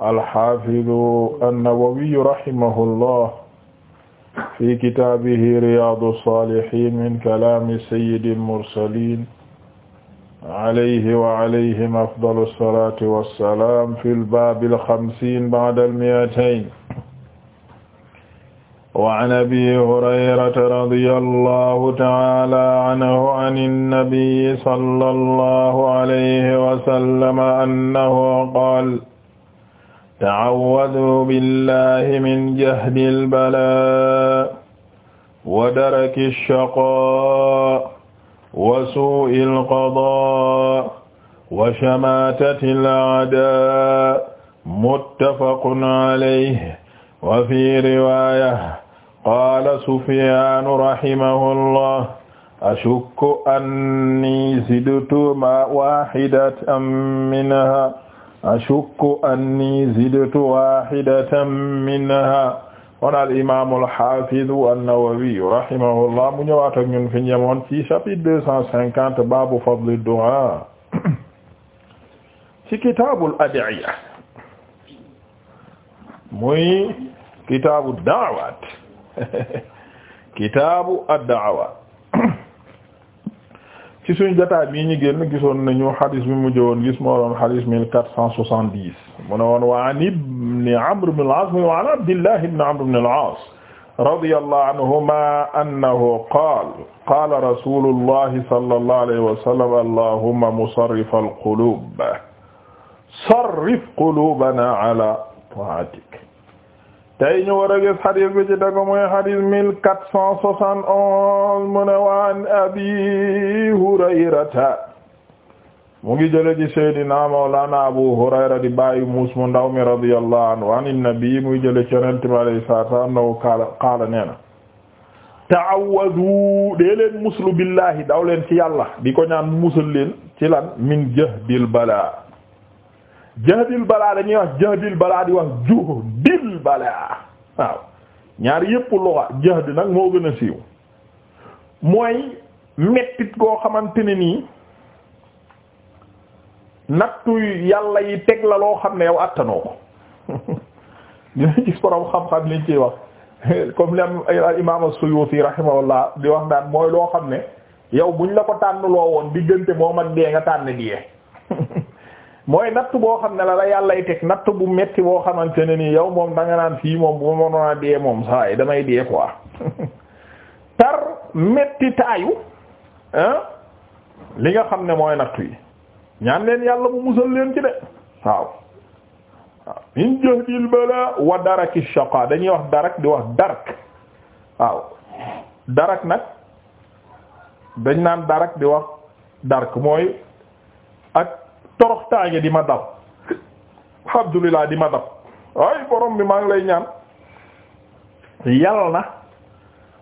alxafidu annawawiyu rahimahullah fi kitaabihi riyaadu saalihiin min kalaami sayyidil mursaliin alayhi wa alayhim afdalu salaati wa salaam fil baabil xamsiin ba'dal mi'atayn wa an abii hurayrata radiyallaahu ta'aalaa anhu anin nabiyyi sallallaahu alayhi wa sallam annahu qaala tacawwadu billahi min jahdi albalaa wa daraki alshaqaa wa suu'i alqadaa wa shamaatati alaadaa muttafaqun calayhi wa fi riwaaya qaala sufyaanu rahimahu llah ashukku anni zidtu ma waaxidatan minha ashukku anni zidtu wahidatan minha kon al imam al hafiz an-Nawawi rahimahullah mu ñëwaat ak ñun fi ñemoon ci chapitre deux cent cinquante babu fadl ad-du'a ci kitabul ad'iya muy kitabu ad-da'awat kitabu ad-da'awat ci suñu jotaay bii ñu génn gisoon nañu xadis bi mu jëwoon gis moo doon xadis mille quatre cent soixante dix mu ne woon wa an ibni amr ibn al-aas mu wa an abdillah ibni amr ibn al-aas radiyallahu anhuma annahu qaala qaala rasulullahi sallallahu alayhi wa sallam allahumma musarrif al-qulub sarrif qulubana ala ta'atik tey ñu war a gis xadis bi ci dago mooy xadis mille quatre cent soixante onze mu ne waan abi hurayrata mu ngi jële ci seydina mawlana abu hurayra di bàyyi muus mu ndaw mi radiyallahu anhu an innabi muy jële ci yonent bi alayhi salaatu wa salaam qaala qaala nee na ta'awwadu dee leen muslu billahi daw leen ci yàlla di ko ñaan musal leen ci lan min jahdil balaa jahdil balaa dañuy wax jahdil balaa di wax juhdil balaa waaw ñaar yépp loxa jahd nag moo gën a siiw mooy mettit goo xamante ne nii nattu yàlla yi teg la loo xam ne yow attanoo ko dina gis borom xam-xam liñ ciy wax comme li imam as-Suyuti rahimahullah di wax naan mooy loo xam ne yow buñ la ko tànn loo woon diggante moom ak dee nga tànn diyee mooy natt boo xam ne la la yàllay teg natt bu metti boo xamante ne nii yow moom danga naan fii moom bu ma mënoon a dee moom saa yi damay dee quoi tar metti taayu li nga xam ne mooy natt yi ñaan leen yàlla bu musal leen ci de waaw waaw min jahdil bala wa daraki shaqa dañuy wax darak di wax darak waaw darak nag dañ naan darak di wax darak mooy ak taage di ma dal alhamdulillah di ma dal ay borom bi maa ngi lay ñaan yal na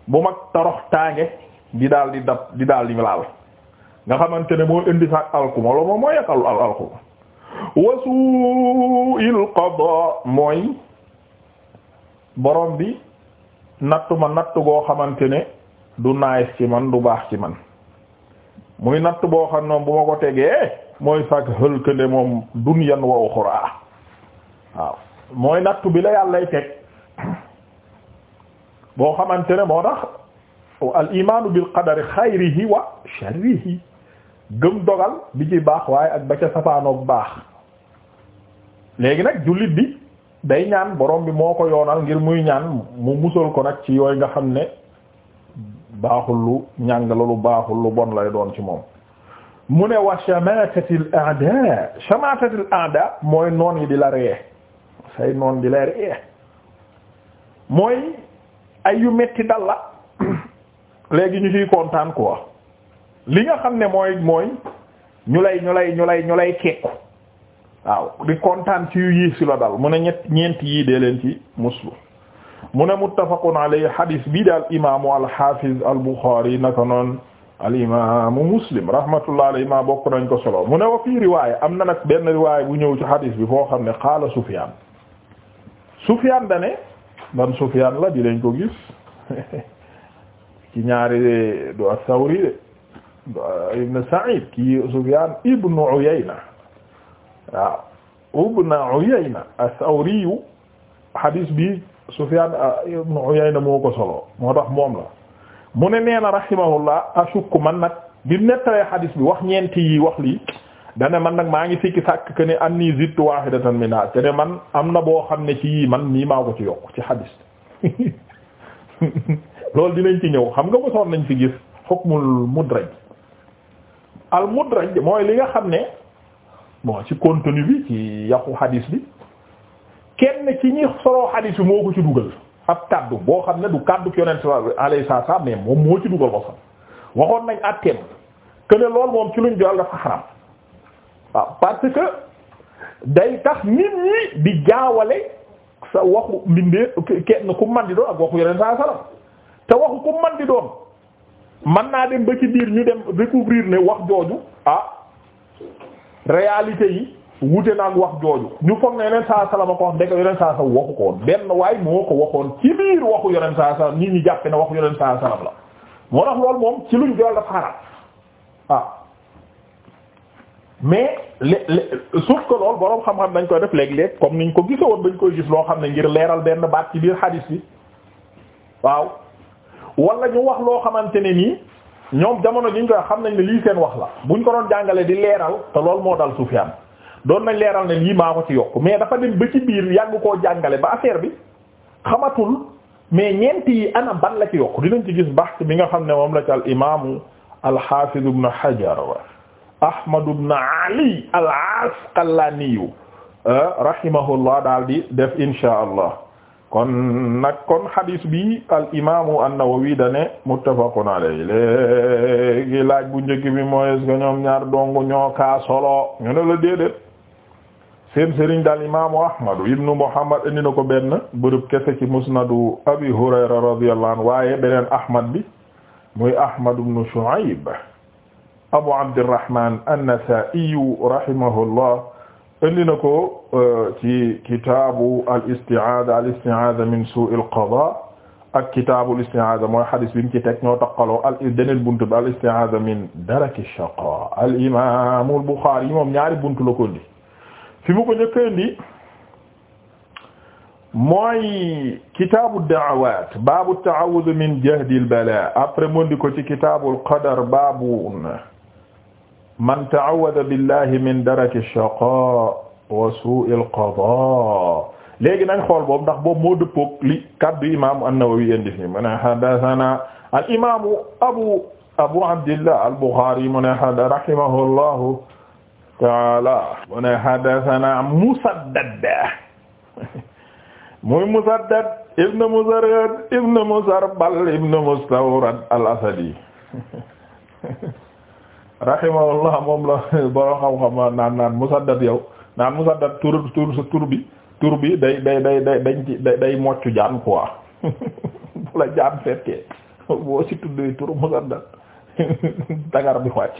bu mag toroxtaange di daal di dab di daal di laal nga xamante ne moo indi saak alkuma loolu moom mooy yàqal alkuma wasu il qada mooy borom bi nattu ma natt goo xamante ne du naayis ci man du baax ci man muy natt boo xam noonu bu ma ko tegee mooy sag hëlkënde moom dunyan wa uxraa waaw mooy nattu bi la yàllay teg boo xamante ne moo tax al imaanu bil qadari xayrihi wa sharrihi gëm dogal bi ci baax waaye ak ba ca safaanoog baax léegi nag jullit bi day ñaan borom bi moo ko yoonal ngir muy ñaan mu musal ko nag ci yooyu nga xam ne baaxul lu ñàng la lu baaxul lu bon lay doon ci moom mu ne wa shamaatatil a'da shamaatatil a'da mooy noon yi di la ree say noon di la ree mooy ay yu metti dal la léegi ñu ciy kontaan quoi li nga xam ne mooy mooy ñu lay ñu lay ñu lay ñu lay kekku waaw di kontaan ci yu yiis si la dal mu ne ñett ñeent yii dee leen ci muslu mu ne muttafaqun alayhi hadis bii daal imaamu al-Hafiz na bukhari naka noonu al imaamu muslim rahmatullah nañ ko solo mu ne wa fii riwaaya am na nag benn riwaaya bu ñëw ci hadis bi foo xam ne qaala Sufyaan Sufyaan da ne ban Sufyaan la di lañ ko gis ci ñaari du as-Sawri de ibn Sa'id ibn Uyayna waaw ibn Uyayna as-Sawri hadis bi Sufyaan ibn Uyayna moo ko solo moo tax moom la. mu ne nee na rahimahullah ashukku man nag bi nettalee xadis bi wax ñeenti yi wax lii dane man nag maa ngi sikki sàkk que ne am nii zittu wahidatan minha te ne man am na boo xam ne ci yii man nii maa ko ci yokk ci xadis loolu dinañ ci ñëw xam nga mosoon nañ fi gis hukmul mudraj al mudraj mooy li nga xam ne bon ci contenu bi ci yàqu xadis bi kenn ci ñi soloo xadis bi moo ko ci dugal ab kàddu boo xam ne du kaddu yonent alayhi sa mais moom moo ci dugal boppam waxoon nañ àtteem que ne loolu moom ci luñ joxe dafa xaram waaw parce que day tax nit ñi di jaawale sa waxu mbindee kenn ku man di doon ak waxu yonent salaam te waxu ku man doon man naa dem ba ci biir ñu dem découvrir ne wax jooju ah réalité yi. wute naag wax jooju ñu foog ne yeneen saa salama ko wax ndeke yeneen saa salam waxu ko benn waay moo ko waxoon ci biir waxu yeneen saa salam nit ñi jàppe ne waxu yeneen saa salam la moo tax lool moom ci luñ jool dafa xaram waaw ah. mais le sauf que loolu boroom xam-xam dañ koy def léeg-léeg comme niñ ko woon dañ koy gis loo xam ne ngir leeral benn baat ci biir xadiis bi waaw wala ñu wax loo xamante ne nii ñoom jamono jiñ koy xam nañ ne lii seen wax la buñ ko doon jàngale di leeral te loolu moo dal Sufyaan doon nañ leeral ne lii maa ko ci yokk mais dafa dem ba ci biir yàgg koo jàngale ba affaire bi xamatul mais ñeenti yi ana ban la ci yokk dinañ ci gis baxte bi nga xam ne moom la ci al imaamu al-Hafiz ibn Hajar Ahmad ibn Ali al-Asqalani ah, rahimahullah daal di def inshaa Allah kon nag kon hadis bi al imaamu an-Nawawi dane muttafaqun alayhi léegi laaj bu njëkk bi mooy est-ce ñoom ñaar dong ñoo kaa solo ñu ne la déedéet seen sëriñ daal imaamu ahmadu ibnu muhammad indi na ko benn bërëb kese ci musnadu abi hurayra radiyallahu anhu waaye beneen ahmad bi muy ahmad ibnu shu'ayb abu abdirrahman an-nasa'i na ko euh, ci kitaabu al-isti'aada al-isti'aada min suu'i al-qadaa ak kitaabu al-isti'aada mooy xadis bi mu ci teg ñoo taqaloo al deneen buntu bi al-isti'aada min daraki ash-shaqaa al imaamu al-buxaari moom ñaari buntu la ko indi fi mu ko njëkkandi mooy kitaabu da'awaat baabu ta'awwud min jahdil balaa après mu ndi ko ci kitaabul qadar baabu man ta'awwada billahi min daraki shaqaa wa suu'il qadaa léegi nañ xool boobu ndax boobu moo dëppoog li kaddu imaamu an-Nawawi indi fi mu ne haddasanaa al imaamu abu abu abdillah al-Buxaari mu ne hadda rahimahullahu taala mu ne hadathana Musaddad muy Musaddad ibn Musarhad ibn Musarbal ibn Mustawrad al-Asadi rahimahullah moom la borom xam-xam naan naan Musaddad yow naan Musaddad tur tur bi tur bi day day day day dañ ci day moccu jaan quoi bu la jaan fekkee boo ci tuddee tur Musaddad dagar bi wàcc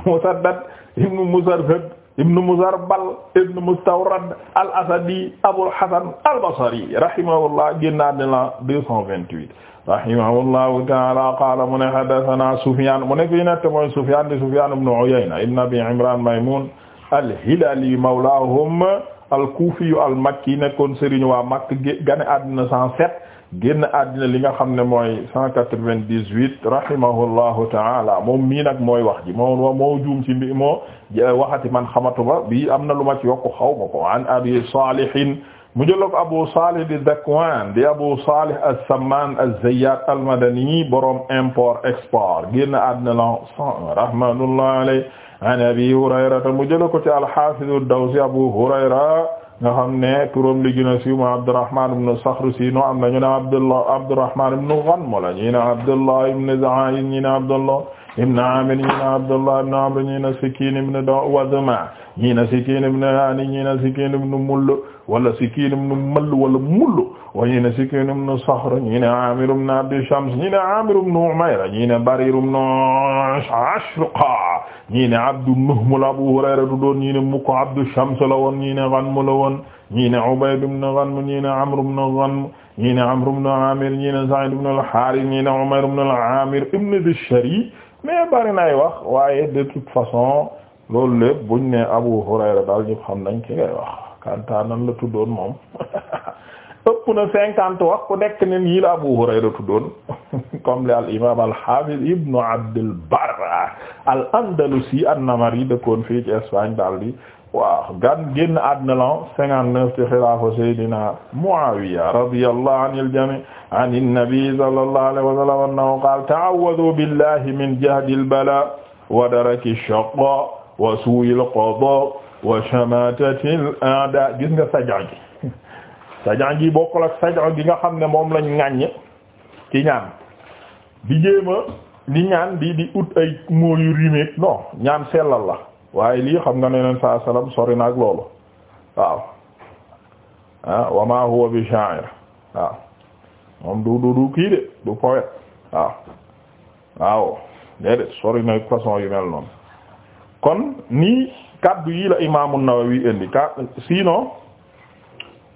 Musaddad ibn Musarhad ibn Muzarbal ibn Mustawrad al-Asadi Abul Hasan al-Basri rahimahullah génnaat na la 228 rahimahullahu ta'ala qala mu ne haddathana Sufyan mu ne fii nag mooy Sufyan di Sufyan ibn Uyayna ibn Abi Imran Maymun al-Hilali mawlahum al-Kufi al-Makki nekkoon sëriñ waa Makka gane àddina 107 génn àddina li nga xam ne mooy cent quatre-vingt-dix-huit rahimahullahu taala moom mii nag mooy wax ji moo moo juum ci mbi moo waxati man xamatuma bi am na lu ma ci yokk xaw ma ko an abi salihin mu jël ko abu salih di Dakwan di abu salih as-Samman az-Zayyat al-Madani borom import export génn àddina la cent un rahmatullahi alayhi an abi hurayrata mu jël ko ci al-Hafiz ad-Dawsi abu hurayra nga xam li gëna siiw ma Abdurrahman si am na ñu ne Abdullah Abdurrahman ibn Ghanm la ñi ne Abdullah ibn Zayd ñi ne Abdullah ibn Amir ñi ne Abdullah ibn Amr ñi ne Sikin ibn Wadma ñi ne Sikin ibn Hani ñi ne Sikin ibn Mull wala sikiinum nu mall wala mullu wa ñi ne sikiinum nu saxr ñi ne amirum na abdi shams ñi ne amirum nu umayra ñi ne barirum nu ashqa ñi ne abdu nuhm la abu hurayra du doon ñi ne mukk abdu shams la woon ñi ne ganm la woon ñi ne ubayd ibn ganm ñi ne amr ibn ganm ñi ne amr ibn amir ñi ne sa'id ibn al-harith ñi ne umayr ibn al-amir ibn bishri mais bari nay wax waaye de toute façon loolu lépp buñ ne abu hurayra daal ñëpp xam nañ ki ngay wax kanta nan la tuddoon moom ëpp na cinquante wax ku nekk ne nii la Abu Hurayra tuddoon comme li al imam al hafiz ibnu Abdul Barr al Andalusi an-Namari dëkkoon fii ci Espagne daal di waaw gan génn àdduna la cinquante neuf ci xilaafa Seydina Muawiya radiyallahu anil jami' anin nabi sallallahu alayhi wa sallam annahu qaala ta'awwadhu billahi min jahdi al bala wa daraki ash-shaqqa wa su'il qada wa shamatatil a'da gis nga sajaan gi sajaan gi bokkul nga xam ne moom lañ ŋàññ ci ñaan di jéema di ñaan di ut ay mooyu rimeeg non ñaan sellal la waaye lii xam nga ne neen saa salaam sori na ak loolu waaw ah wa ma huwa bi sha'ir waaw moom du du kii de du poète waaw waaw déedéet sori na yu mel noonu kon nii kaddu yi la imaamu Nawawi indi ka sinon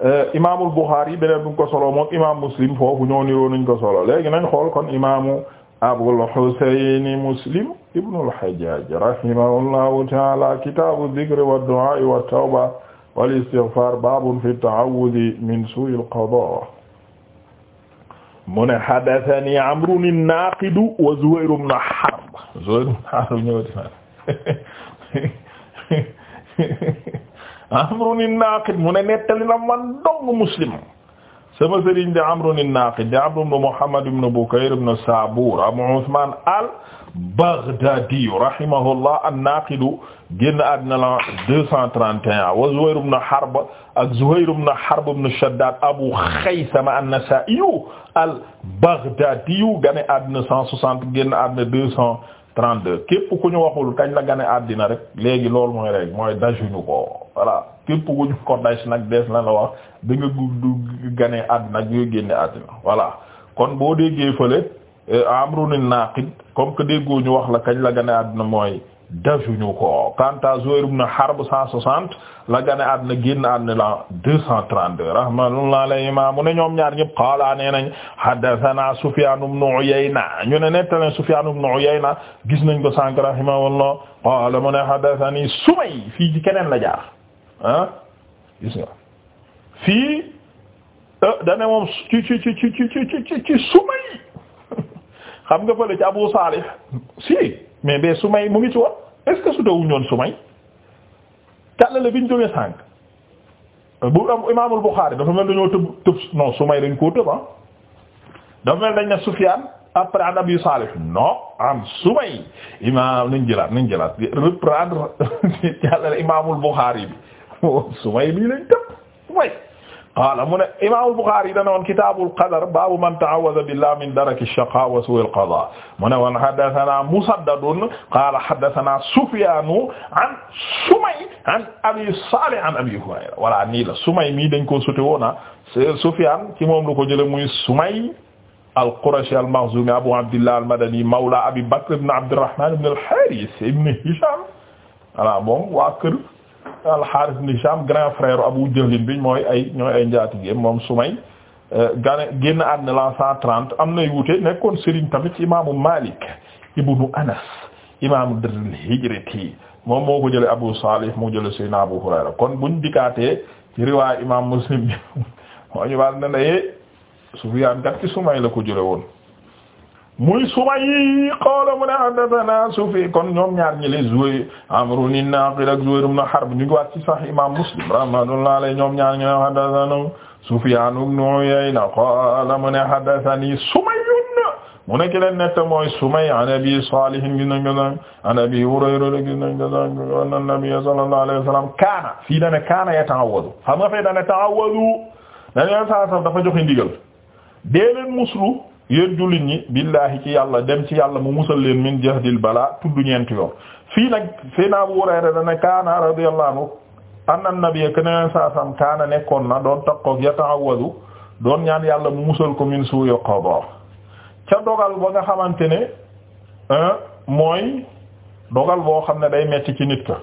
euh, imaamul Buxaari beneen bu ko solo moom imaam Muslim foofu ñoo niroo nañ ko solo léegi nañ xool kon imaamu Abul Husayn Muslim ibnul Hajjaaj rahimahullahu ta'aala kitaabu dikri wa du'aa wa tawba wal istighfaar baabun fi ta'awwudi min suu'il qadaa mu ne haddathanii Amrun an-Naaqid wa Zuhayr ibn Harb Zuhayr ibn Harb ñëwati amrun an-Naqid mu ne nettali na man dong Muslim sama sëriñ de amrun an-Naqid de Amr ibn Muhammad ibn Bukayr ibn Sabur Abu Usman al-Baghdadi rahimahullah an-Naqid génn àddina la 231 wa Zuhayr ibn Harb ak Zuhayr ibn Harb ibn Shaddad Abu Khaysama an-Nasa'i al-Baghdadi gane àddina 160 génn àddina 200 32 képp ku ñu waxul kañ la gane àddina rek léegi loolu mooy rek mooy dajuñu ko voilà képp ku ñu ko daj nag dees na la wax bi nga du gane àddina ak yooyu génne àddina voilà kon boo déggee fële eh, amrun naqid comme que déggoo ñu wax la kañ la gane àddina mooy dasuñu ko kanta Zuhayr ibn Harb 160 la gane àddina génn àddina la 232 rahmatullahi alayhima mu ne ñoom ñaar ñëpp qaala nee nañ haddathana Sufyan ibn Uyayna ñu ne nettalen Sufyan ibn Uyayna gis nañ ko sànk rahimahullah qaala mu ne haddathani Sumay fii ci keneen la jaar ah fii euh, dane moom ci ci ci ci Sumay xam nga fële ci Abu Salih si mais bee Sumay mu ngi ci woon est-ce que su tawuñ ñoon Sumay càllale bi ñu jógee sànq bu am imaamul Buxaari dafa mel dañoo tëb tëb non Sumay dañ koo tëb ah dafa mel dañ ne Sufyaan après an Abi Saalih non am Sumay imaam nañ jëlaat nañ jëlaat reprendre càllale imaamul Buxaari bi Sumay bii lañ tëb way qaala mu ne Imaamul Buxaari dana woon kitaabul qadar baabu man ta'awwaza billahi min daraki shaqaa wa suu'il qadaa mu ne woon haddasanaa Musaddadun qaala haddasanaa Sufyaanu an Sumay an Abi Saalih an Abi Hurayra voilà nii la Sumay mii dañ koo sotti woon ah Sufyaan ci moom la ko jëlee muy Sumay al-Qurashi al-Makhzumi Abu Abdillah al-Madani mawla Abi Bakr ibn Abdirrahmaan ibn al-Haaris ibn Hishaam voilà moom waa kër. al-Harith ibn Hisham grand frère Abu Jahl bi mooy ay ñooy ay njaatigéem moom Sumay euh, gane génn àddina la cent trente am na wuute nekkoon sëriñ tamit ci imaamu Malik ibnu Anas imaamu darul hijrati moom moo ko jële Abu Salih moo jële Seydina Abu Hurayra kon buñ dikkaatee ci riwaay imam Muslim bi moo ñu wàll ne ne Sufyaan kat ci Sumay la ko jële woon muy suma yi qaala mu ne haddathana kon ñoom ñaar ñi le Zuhayr Amru ni Naaqil ak Zuhayr ibn Harb ñu ngi wax Muslim rahmatullahi alayhi ñoom ñaar ñu ne haddathana Sufyaan ibn Uyayna qaala mu ne Sumay mu nekk leen nett mooy Sumay an Abi Saalih gis nañ ko sànq an Abi a gis nañ ko sànq anna a sallallahu alayhi wa sallam kaana fii dana kaana yata'awwadu xam nga fay dana ta'awwadu dañu saa sax dafa joxe ndigal dee yéen jullit ñi billaahi ci yàlla dem ci yàlla mu musal leen min jahdil balaa tudd ñeenti yoon fii nag fii naa Abu Hurayra dana kaana radiyallahu anhu anna nabiyya kana saasam kaana nekkoon na doon takkook yata'awwadu doon ñaan yàlla mu musal ko min suu'i qadaa ca dogal ba nga xamante ne mooy dogal boo xam ne day metti ci nit ka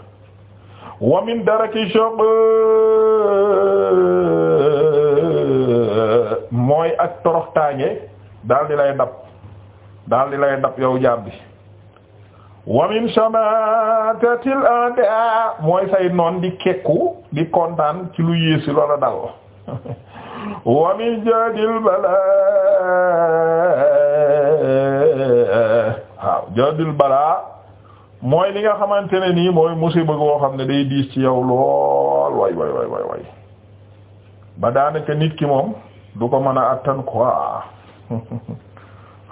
wa min daraki shaq mooy ak toroxtaange daal di lay dab daal di lay dab yow jaam bi wa min shamatatil a'da mooy say noon di kekku di kontaan ci lu yéesi loola dal wa min jadil bala waaw jadil bala mooy li nga xamante ne nii mooy bëgg woo xam ne day diis ci yow lool way way way way way ba daanaka nit ki moom du ko mën a attan quoi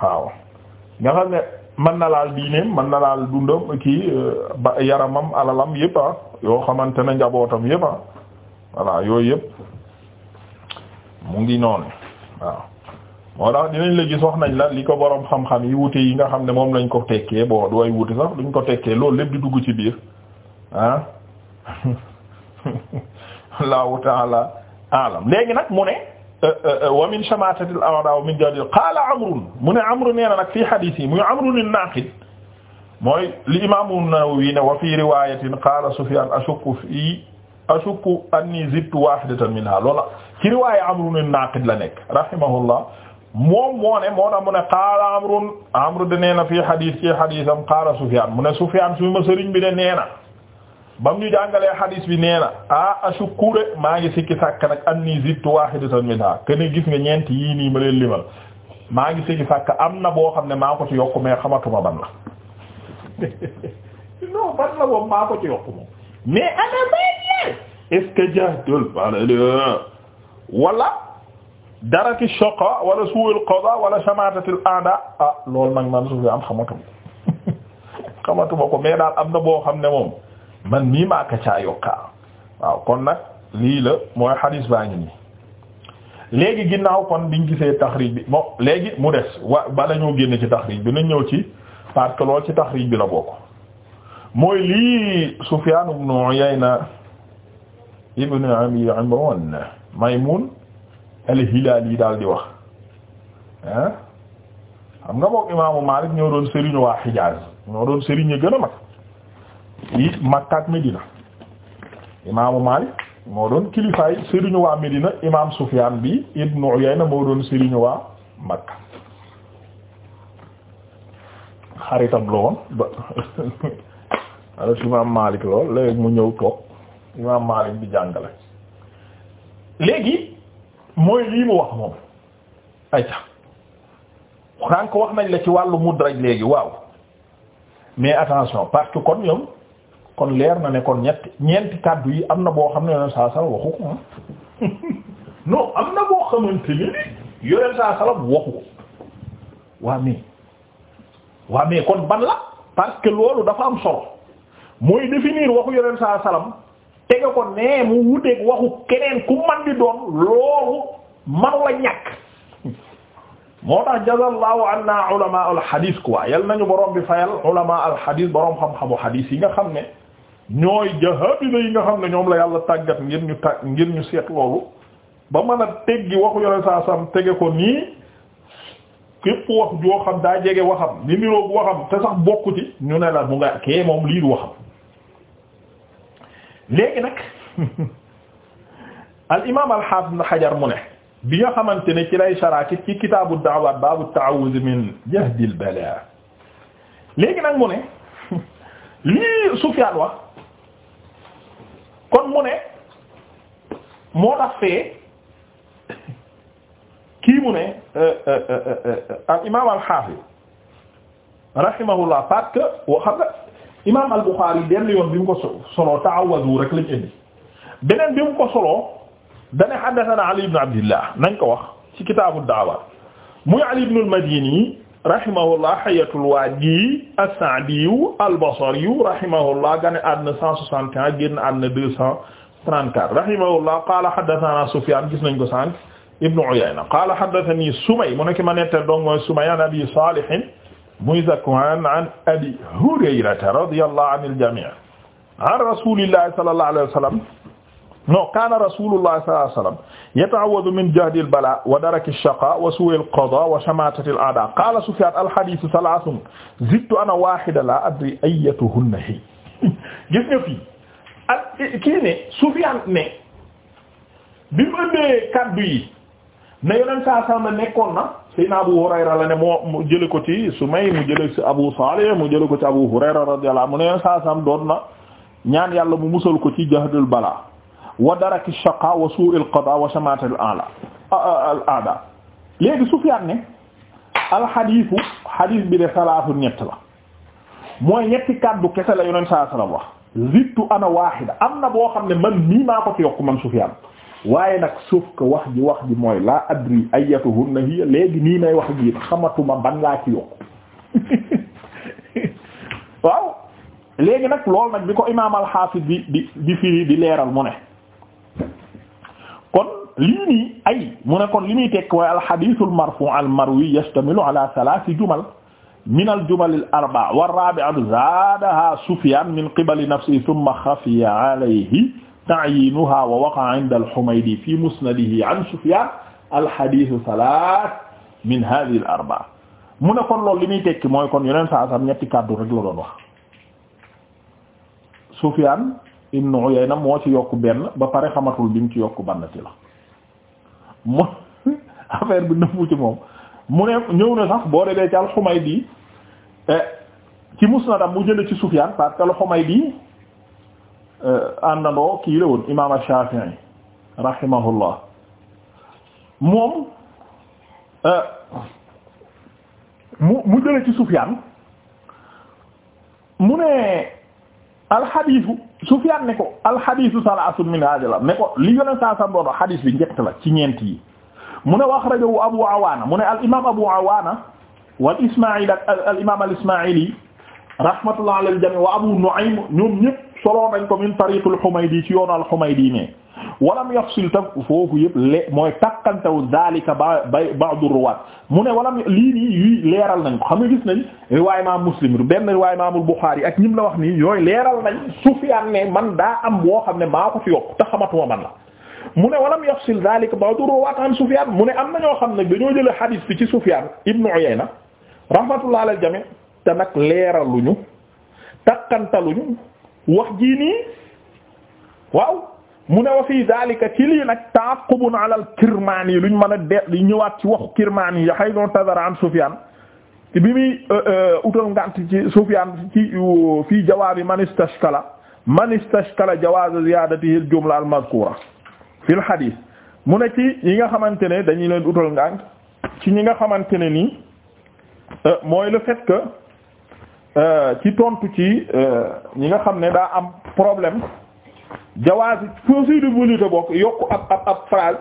waaw nga xam ne mën na laal diineem man na laal dundam kii ba yaramam alalam yëpp ah yoo xamante ne njabootam yëpp ah voilà yooyu yëpp mu ngi noonu waaw moo tax dinañ la gis wax nañ la li ko boroom xam-xam yi wute yi nga xam ne moom lañ ko tekkee bon du ay wute sax duñ ko tekkee loolu lépp di dugg ci biir ah Allahu ta'ala alam léegi nag mu ne wa min shamatati al-a'da wa min jadil qaala amrun mu ne amru nee na nag fii hadis yi muy amrun an-naqid mooy li imaamu an-Nawawi ne wa fii riwayatin qaala Sufyan ashukku fii ashukku anni zidtu wahidatan minha loola ci riwaaya amrun an-naqid la nekk rahimahullah moom moo ne moo tax mu ne qaala amrun amru de nee na fii hadis ci hadisam qaala Sufyan mu ne Sufyan su ma sëriñ bi de nee na bam ñu jàngalee hadis bi nee na ah ashukure maa ngi sikki sàkk nag am nii zittu wahidatan minha kene gis nga ñeent yii nii ma leen limal maa ngi sikki sàkk am na boo xam ne maa ko ci yokku mais xamatuma ban la non ban la moom maa ko ci yokku moom mais ana ban la wala darati shoqa wala suul qada wala shamatatil aada ah loolu nag man suufi am xamatuma xamatuma ko mais daal am na boo xam ne moom man mii maa ko caa yokkaa waaw kon nag lii la mooy xadis baa ngi nii léegi ginnaaw kon biñ gisee taxriij bi bon léegi mu des wa bala ñoo génn ci taxriij bi nañ ñëw ci parce lool ci taxriij bi la bokk mooy lii Sufyaan ibn na ibn Abi Imraan Maymuun al-Hilaali daal di wax ah xam nga moom imaamu Maalik ñoo doon sëriñu waa Hijaaz ñoo doon sëriñ yi gën a mag ci Makka ak Medina imaamu Maalik moo doon kilifaay sëriñu waa Medina imaam Sufyaan bi Ibnu Uyayna doon sëriñu waa Makka xaritam la ba ala imaam Maalik lool léegi mu ñëw toog imaam Maalik bi jàngale léegi mooy lii mu wax moom ay tax xanaa wax nañ la ci wàllu mudraj léegi waaw mais attention parce que kon ñoom kon leer na ne kon ñett ñeenti kàddu yi am na boo xam ne yoneen saa sallam waxu ko ah am na boo xamante ni ni yoneen saa sallam waxu ko waa mais waa mais kon ban la parce que loolu dafa am solo mooy définir waxu yoneen saa te tege ko nee mu wuteeg waxu keneen ku man di doon loolu manu la moo tax jazallahu anna ulama al hadith quoi yal nañu borom bi fayal ulama al hadith borom xam-xamu hadith yi nga xam ne ñooy jahabida yi nga xam ne ñoom la yàlla tàggat ngir ñu tàgg ngir ñu seet loolu ba mën a teggi waxu yore saa sam tege ko nii képp wax joo xam daa jege waxam ni niroog waxam te sax bokku ci ne la mu nga kee moom lii du waxam léegi nag al imaam al haafid ibn mu ne bi nga xamante ne ci lay saraaki ci kitaabu da'waat baabu ta'awuz min jahdil balaa léegi nag mu ne lii Sufyaan wax kon mu ne moo tax fee kii mu ne euh, euh, euh, al imaam al xaafis rahimahullah parce que xam imaam al Buxaari benn yoon bi mu ko soloo ta'awuzu rek lañ indi beneen bi mu ko soloo dane haddathana Ali ibn Abdillah nañ ko wax ci kitaabu da'wa muy Ali ibn al-Madini rahimahullah hayatul waadi as-saadiyu al-basariyu rahimahullah gane àddina 161 génn àddina 234 rahimahullah qaala haddathana Sufyaan gis nañ ko sànq ibnu Uyayna qaala haddathani Sumay mu nekk ma nette donc mooy Sumay an Abi Saalih muy Zakwaan an Abi Hurayrata radiyallahu anil jamii' an rasuulillahi sallallahu alayhi wa sallam non kaana rasulullah sallallahu alayhi wasallam yata'awwadu min jahdi al-balaa wa daraki ash-shaqaa wa su'i al-qadaa wa shamaatati al-a'daa qaala Sufyaan al-hadiisu salaasun zidtu ana waahida laa adri ayyatuhunna hiya gis nga fii ak kii ne Sufyaan ne bi mu ëndee kaddu yi ne yonent saa sallam nekkoon na Seydina Abu Hurayra la ne moo mu jële ko ci Sumayy mu jële ci Abu Saalih mu jële ko ci Abu Hurayra radiyallahu anhu mu ne yonent saa sallam doon na ñaan yàlla mu musal ko ci jahdul balaa wa daraki shaqa wa su'il qada wa shamatil a'la al aada léegi Sufyaan ne alxadiisu xadiis bi de salaatu ñett la mooy ñetti kàddu kese la yu saa salaam wax zittu ana waaxida am na boo xam ne man mii maa yokk man Sufyaan waaye nag suuf que wax ji mooy la adri ayyatuhunna hiya léegi nii may wax ji xamatuma ban laa ci yokk waaw léegi nag loolu nag bi ko imaam alxaafis bi di di di leeral mu ne kon lii nii ay mu ne kon li muy tekk waaye alxadiisul marfu al marwi yastamilu ala salaasi jumal min al jumal al arbaa wa rabi'atu zaadaha sufyaan min qibali nafsihi thumma xafiya alayhi ta'yiinuha wa waqa'a 'inda al humaydi fi musnadihi 'an sufyaan al hadiisu salaas min haadhihi al arbaa mu ne kon loolu li muy tekki mooy kon yeneen saa sam ñetti kàddu rek la doon wax sufyaan Ibn Uyayna moo ci yokk benn ba pare xamatul bi mu ci yokk bann ci la mo affaire bi nëbbu ci moom mu ne ñëw na sax boo demee ci al-Humaydi eh, ci musnadam mu jële ci Sufyaan parce que al eh, àndandoo kii la woon imaam Shaafi'i rahimahullah moom eh, mu mu jële ci Sufyaan mu ne alxadiisu Sufyaan ne ko alxadiisu salaasun min hadi la ne ko li yoneen saa sam doon xadiis bi njëkk la ci ñeent yi mu ne wax rajo Abu Awaana mu ne al imaam Abu Awaana wal Ismaa'il ak al imaam al Ismaa'ili rahmatullah ala al jamii wa Abu Nu'aym ñoom ñëpp solo nañ ko min tariiqil Humaydi ci yoonu al Humaydi ne walam yafsil tam foofu yëpp le mooy takkantaw zalika ba bay ba'du ruwaat mu ne walam lii nii yuy leeral nañ ko xam nga gis nañ riwaay imaam Muslim benn riwaay imaamul Buxaari ak ñim la wax nii yooyu leeral nañ Sufyaan ne man daa am boo xam ne maa ko fi yokk te xamatuma man la mu ne walam yafsil zalika ba'du ruwaat an Sufyaan mu ne am na ñoo xam ne dañoo jële xadiis bi ci Sufyaan ibnu Uyayna rahmatullah alal jami te nag leeraluñu takkantaluñu wax jii nii waaw mu ne wa fii daalika ci lii nag taqubun ala al kirmaani luñ mën a de li ñëwaat ci waxu kirmaani yi xëy doon tadara an Sufyaan bi muy euh, euh, utal ngant ci Sufyaan ci fii jawaabi man istashkala man istashkala jawaaza ziyaadatihi al jumla al mazkuura fi al hadiis mu ne ci yi nga xamante ne dañu leen utal ngant ci ñi nga xamante ne nii euh, mooy le que ci tontu ci ñi nga xam ne daa am problème. jawaasi procédure bu lita bokk yokku ab ab ab phrase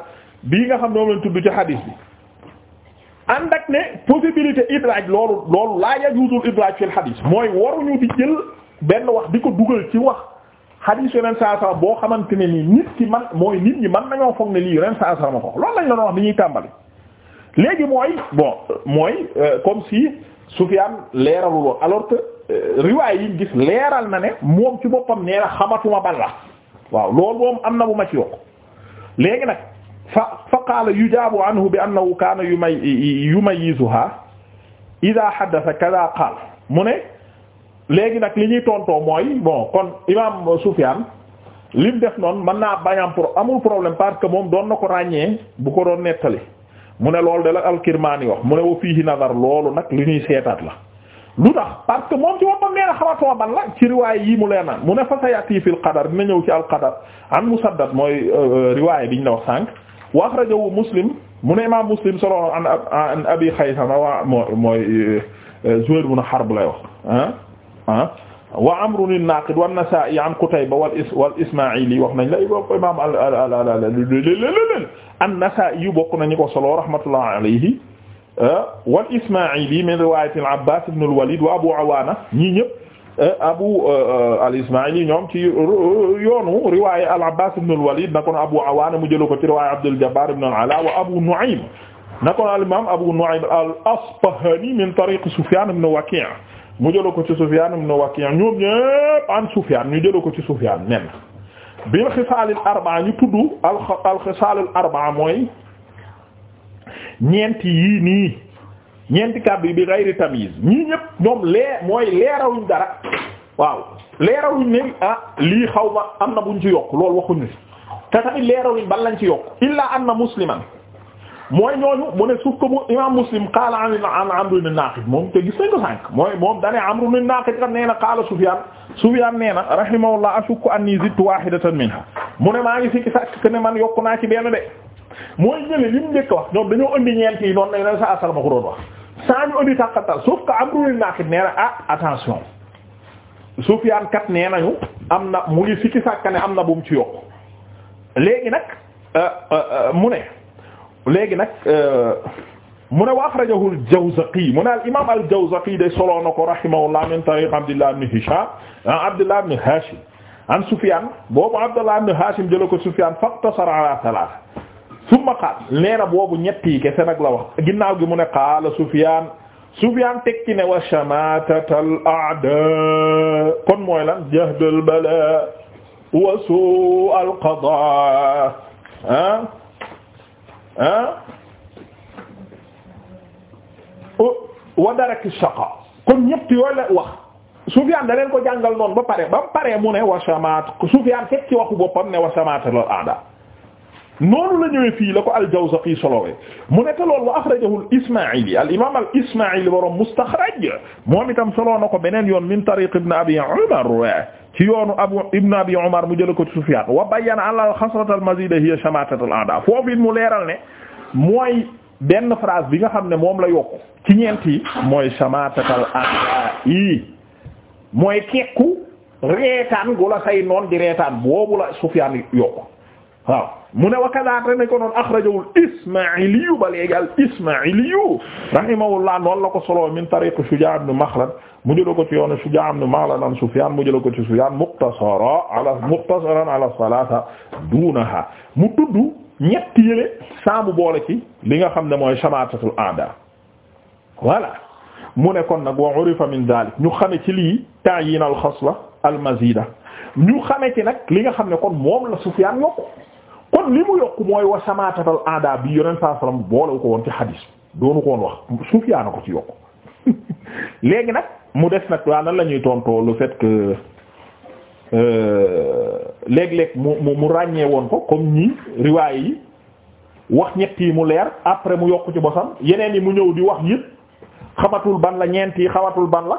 bii nga xam ne moom lañ tudd ci hadis bi ànd ak ne possibilité idraaj loolu loolu laa yajuuzul idraaj fil hadis mooy waruñu di jël benn wax di ko dugal ci wax hadis yeneen saa saa boo xamante ni nii nit ki man mooy nit ñi man nañoo foog ne lii yeneen saa saa ma ko loolu lañ la wax bi ñuy tàmbali. léegi mooy bon mooy euh, comme si Sufyaan leeralul woon alors que euh, riwaay yi gis leeral na ne moom ci boppam nee na ban la. waaw loolu moom am na bu ma ci yokk léegi nag fa fa qaala yujaabu anhu bi annahu kaana yumay yumayyizuha ida haddatha kada qaal mu ne léegi nag li ñuy tontoo mooy bon kon imam Sufyaan lim def noon mën naa bañaam pour amul problème parce que moom doon na ko ràññee bu ko doon nettali mu ne loolu de la al-Kirmaani wax mu ne wa fiihi nazar loolu nag li ñuy seetaat la lu tax parce que moom ci boppam nee na xamatuma ban ci riwaay mu leen naan mu ne fa qadar dina ñëw ci al qadar an musaddad mooy riwaay biñ la wax sànq wa akhrajahu muslim mu solo an an abi xaysama wa mooy Zuhayr lay wax ah wa amrun an-Naqid wa an-Nasa'i an Qutayba wal Isma'ili wax nañ la imaam al al ko solo rahmatullahi alayhi Euh, wal ismaa'ili min riwaayati al-Abbaas ibn al-Waliid wa Abu Awaana ñii ñëpp euh, Abu euh, al-Ismaa'ili ñoom ci yoonu riwaayé al-Abbaas ibn al-Waliid na ko Abu Awaana mu jëloo ko ci riwaayé Abdul Jabbaar ibn al-Alaa wa Abu Nu'aym na ko al-imaam Abu Nu'aym al-Asbahaani min tariiq Sufyaan ibn Wakii' mu jëloo ko ci Sufyaan ibn Wakii' ñoom ñëpp an Sufyaan ñu jëloo ko ci Sufyaan nen bil xisaal al-arba'a ñu tudd al-xisaal al-arba'a mooy ñeenti yii nii ñeenti kàddu bi gayri tamyiz ñii ñëpp ñoom leer mooy leeraluñ dara waaw leeraluñ ne ah lii xaw ma am na buñ ci yokk loolu waxuñu te tamit leeraluñ ban lañ ci yokk illaa anna musliman mooy ñooñu mu ne suuf ko mu imaam muslim qaala an an amr ibn naqid moom te gis nañ ko mooy moom dane amr ibn naqid kat nee na qaala sufyan sufyan nee na rahimahullah ni anni zidtu wahidatan minha mu ne maa ngi sikki sàkk ne man yokku naa ci benn de mooy jële li mu njëkk wax ñoom dañoo indi ñeent yi noonu nañ sa asal ma ko doon wax saa ñu indi tàqatal sauf que amrul naaqid nee na ah attention Sufyaan kat nee nañu am na mu ngi sikki sàkka ne am na bu mu ci yokk léegi nag euh, euh, mu ne léegi nag euh, mu ne wa axrajahu al-Jawzaqi mu ne al-imaam al-Jawzaqi de soloo na ko rahimahullah min tariq Abdullah ibn Hisham ah, Abdullah ibn Hashim an Sufyaan boobu Abdullah ibn Hashim jëla ko Sufyaan faqtasara ala thalaatha summa qaal nee na boobu ñetti yi kese la wax ginnaaw gi mu ne qaala Sufyaan Sufyaan tekki ne wa shamaatatal a'daa kon mooy lan jahdul balaa wa su'al qadaa ah ah wa daraki kon ñett yooyu la wax Sufyaan da ko jàngal noonu ba pare ba pare mu ne wa shamaat Sufyaan tekki waxu boppam ne wa shamaatatal a'daa noonu la ñëwee fii la ko al-Jawzaqi solowee mu nekk loolu wa axrajahu al-Ismaa'ili al-imaam al-Ismaa'ili borom mustaxraj moom itam soloo na ko beneen yoon min tariq Ibn Abi Umar ci yoonu abu Ibn Abi Umar mu jëlee ko ci wa bayyana anna al-xasrata al-maziida hiya shamaatatu al-a'daa foofu mu leeral ne mooy benn phrase bi nga xam ne moom la yokk ci ñeent yi mooy shamaatatu al-a'daa yi mooy kekku reetaan gu la say noon di reetaan boobu la Sufyaan yokk. waaw mu ne wa kadaate nañ ko noon axrajawul ismailiyu ba léegi al ismailiyu rahimahullah noonu la ko solo min tariq Shujaa ibn Maxlad mu jëla ko ci yoonu Shujaa ibn Maxlad an Sufyaan mu jëla ko ci Sufyaan muxtasara ala muxtasaran ala salaasa duunaha mu tudd ñetti yële saamu boole ci li nga xam ne mooy shamaatatul aada voilà mu ne kon nag wa urifa min dalik ñu xame ci lii ta'yin al xasla al mazida ñu xame ci nag li nga xam ne kon moom la Sufyaan yokk kon li mu yokk mooy wax samaatatal aada bi yoneen saa salaam boole ko woon ci xadis doonu ko woon wax Sufyaan na ko ci yokk léegi nag mu des nag waa nan la ñuy tontoo le fait que euh, léeg-léeg mu mu ràññee woon ko comme ñii riwaay yi wax ñett mu leer après mu yokk ci bosam yeneen yi mu ñëw di wax yëpp xamatul ban la ñeent yi xamatul ban la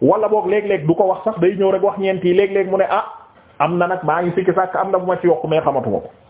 wala boog léeg-léeg du ko wax sax day ñëw rek wax ñeent yi léeg-léeg mu ne ah am na nag maa ngi sikki sàkk am na bu ma ci yokk mais xamatuma